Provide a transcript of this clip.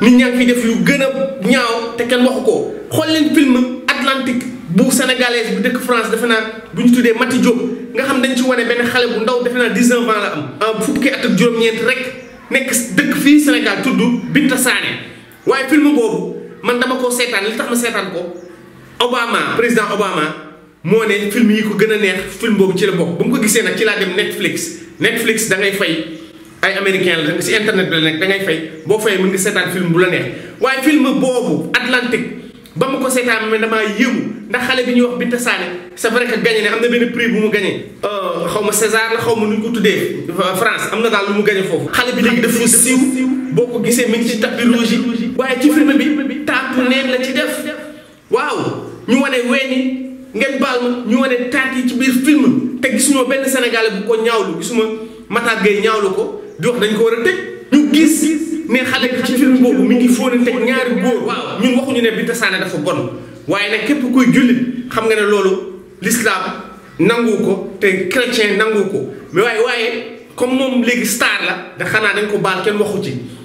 nit ñaa ngi fi def yu gën a ñaaw te kenn waxu ko xool leen film Atlantique bu sénégalaise bu dëkk France defe naa bu ñu tuddee Mati Diop nga xam dañ ci wane benn xale bu ndaw defe naa 19 ans la am. Ah, fukki at ak juróom-ñeent rek nekk dëkk fii Sénégal tudd Binta Sané waaye film boobu man dama koo seetaan li tax ma seetaan ko Obama président Obama. moo ne film yi ko gën a neex film boobu ci la bokk ba mu ko gisee nag ci laa dem Netflix Netflix da ngay fay ay américain la rek si internet bi ngay fay boo fayee mën nga seetaan film bu la neex waaye film boobu Atlantique ba ma ko seetaan ma damaa yëngu ndax xale bi ñuy wax Binta Sané c'est vrai que gagné ne am na benn prix bu mu gagné. Euh, xaw ma César la xaw ma nu ñu ko tuddee euh, France am na daal lu mu gagné foofu. xale bi léegi dafa siiw boo ko gisee mi ngi ci tapis rouge yi waaye ci film bi taatu neen la ci def waaw ñu wane weeni ngeen baal ma ñu wane taat yi ci biir film te gisuñoo benn Sénégalais bu ko ñaawlu gisuma. Matar Gueye ñaawlu ko di wax dañ ko war a tëj ñu gis ne xale bi ci film boobu mu ngi fóonante ak ñaari góor waaw ñun waxuñu ne Binta Sané dafa bon waaye nag képp koy jullit xam nga ne loolu l'islam nangu ko te chrétien nangu ko mais waaye waaye comme moom léegi star la da xanaa dañ ko baal kenn waxu ci